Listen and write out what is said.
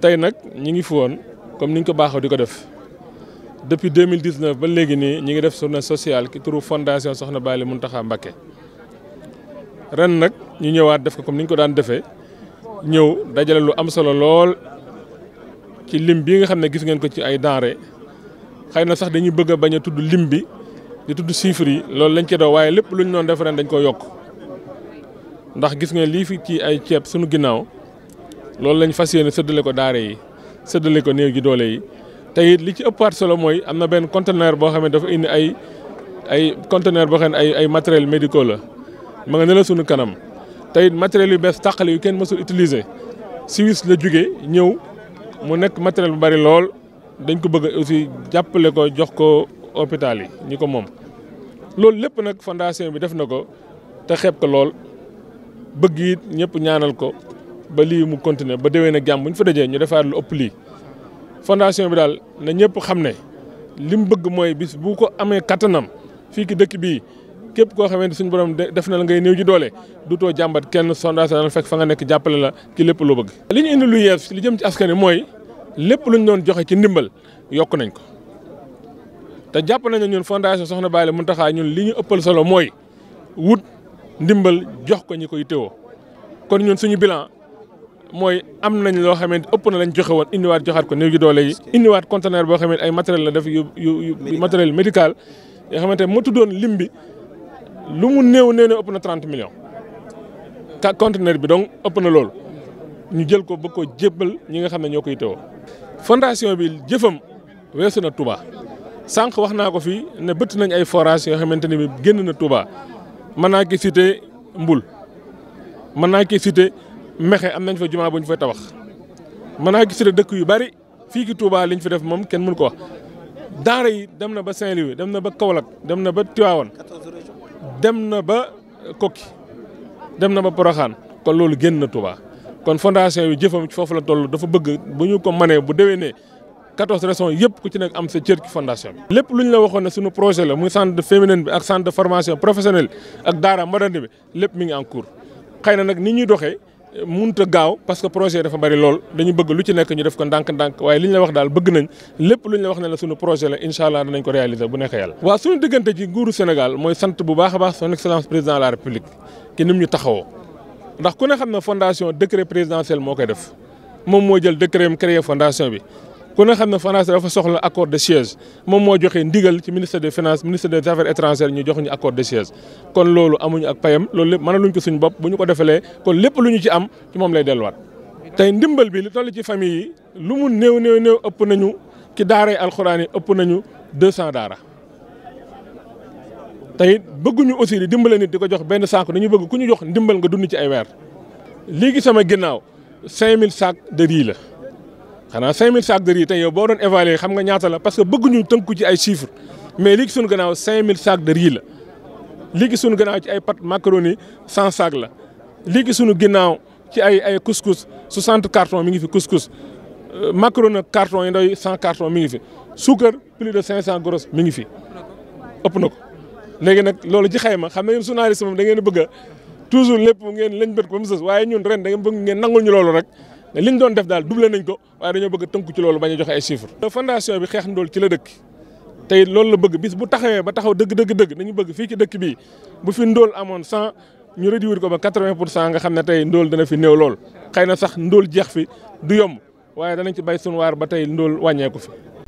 tey nag ñi ngi fi woon comme ni ñu ko baaxoo di ko def depuis 2019 ba léegi nii ñi ngi def journée sociale ki turu fondation Soxna Baali Muntaxa Mbakke ren nag ñu ñëwaat def ko comme ni ñu ko daan defee ñëw dajale lu am solo lool ci lim bi nga xam ne gis ngeen ko ci ay denrées xëy na sax dañuy bëgg a bañ a tudd lim bi di tudd chiffres yi loolu lañ ci doo waaye lépp lu ñu doon def ren dañ ko yokk ndax gis nga lii fi ci ay ceeb sunu ginnaaw. loolu lañ fas yéene sëddale ko daara yi sëddale ko néew ji doole yi te li ci ëpp ëppaat solo mooy am na benn conteneur boo xam ne dafa indi ay ay conteneur boo xam ne ay ay matériels médicaux la ma nga ne la suñu kanam te it matériels yu bees tàqale yu kenn mësul utiliser Suisse la jóge ñëw mu nekk matériel bu bari lool dañ ko bëgg aussi jàppale ko jox ko hôpital yi ñi ko moom loolu lépp nag fondation bi def na ko te xeeb ko lool bëgg it ñëpp ñaanal ko ba lii mu continuer ba déwee nag jàmm bu ñu fa dajee ñu defaat lu ëpp lii fondation bi daal na ñëpp xam ne li mu bëgg mooy bis bu ko amee kattanam fii ki dëkk bii képp koo xamante suñu borom def na la ngay néew ji doole dutoo jàmbat kenn sondage dana fekk fa nga nekk jàppale la ki lépp loo bëgg. li ñu indi lu yees li jëm ci askan wi mooy lépp lu ñu doon joxe ci ndimbal yokk nañ ko te jàpp nañ ñun fondation Soxna Baale Mountakha ñun li ñu ëppal solo mooy wut ndimbal jox ko ñi koy teewoo mooy am nañ loo xamante ëpp na lañ joxe woon indiwaat joxaat ko néew ji doole yi indiwaat conteneur boo xamante ay matériel la def yu yu matériel médical yoo xamante ne ma tuddoon lim bi lu mu néew nee na ëpp na trente millions ka conteneur bi donc ëpp na loolu ñu jël ko bëgg ko jébbal ñi nga xam ne ñoo koy teewoo fondation bi jëfam weesu na tubaa sànq wax naa ko fii ne bëtt nañ ay forage yoo xamante ne bi génn na Touba mën naa ki cité Mbul mexe am nañ fa jumaa bu ñu fay tabax mën naa gis ne dëkk yu bari fii ki Touba liñ fi def moom kenn mënu ko wax. daara yi dem na ba Saint-Louis dem na ba Kaolack dem na ba Tivaouane dem na ba kokki dem na ba Porokhane kon loolu génn na Touba kon fondation yu jëfam ci foofu la toll dafa bëgg bu ñu ko mënee bu déwénee. 14 régions yëpp ku ci nekk am sa cër ci fondation bi. lépp lu ñu la waxoon ne suñu projet la muy centre féminin bi ak centre de formation ak daara moderne lépp mi ngi en xëy na nag ni ñuy doxee. munta gaaw parce que projet dafa bari lool dañu bëgg lu ci nekk ñu def ko ndànk-ndànk waaye li ñu la wax daal bëgg nañ lépp lu ñu la wax ne la sunu projet la incha allah danañ ko réaliser bu nekkee yàlla. waaw sunu diggante ci nguuru Sénégal mooy sant bu baax a baax son excellence président de la république ki nim ñu taxawoo ndax ku ne xam ne fondation décret présidentiel moo koy def moom moo jël décret am créé fondation bi. ku ne xam ne France dafa soxla accord de siège moom moo joxe ndigal ci ministre des finances ministre des affaires étrangères ñu jox ñu accord de siège kon loolu amuñu ak payam loolu lépp mënaluñ ko suñu bopp bu ñu ko defalee kon lépp lu ñu ci am ci moom lay delluwaat. tey ndimbal bi li toll ci famille yi lu mu néew néew néew ëpp nañu ci daara alxuraan yi ëpp nañu deux cent daara tey bëgguñu aussi di dimbale nit di ko jox benn saako dañu bëgg ku ñu jox ndimbal nga dund ci ay weer léegi sama ginnaaw cinq mille sacs de la. xanaa 5000 sacs de riz tey yow boo doon évaluer xam nga ñaata la parce que bëgguñu tënku ci ay chiffres mais léegi suñu gannaaw 5000 sacs de riz la léegi suñu gannaaw ci ay pat macaroni 100 sacs la léegi suñu ginnaaw ci ay ay couscous 60 cartons mi ngi fi couscous euh, macaroni carton yi ndoy 100 mi ngi fi suukar plus de 500 grosses mi ngi fi ëpp na ko léegi nag loolu ci xayma xam ne yéen journaliste moom da ngeen bëgg a toujours lépp ngeen lañ bët ko ba mu sës waaye ñu ren da bëgg ngeen nangul ñu loolu rek. li liñ doon def daal doublé nañ ko waaye dañoo bëgg tënku ci loolu ba a joxe ay chiffres. fondation bi xeex ndool ci la dëkk tey loolu la bëgg bis bu taxawee ba taxaw dëgg dëgg dëgg dañu bëgg fii ci dëkk bii bu fi ndool amoon cent ñu réduire ko ba quatre-vingt pour cent nga xam ne tey ndool dana fi néew lool xëy na sax ndool jeex fi du yomb waaye danañ ci bay sunu waar ba tey ndool wàññeeku fi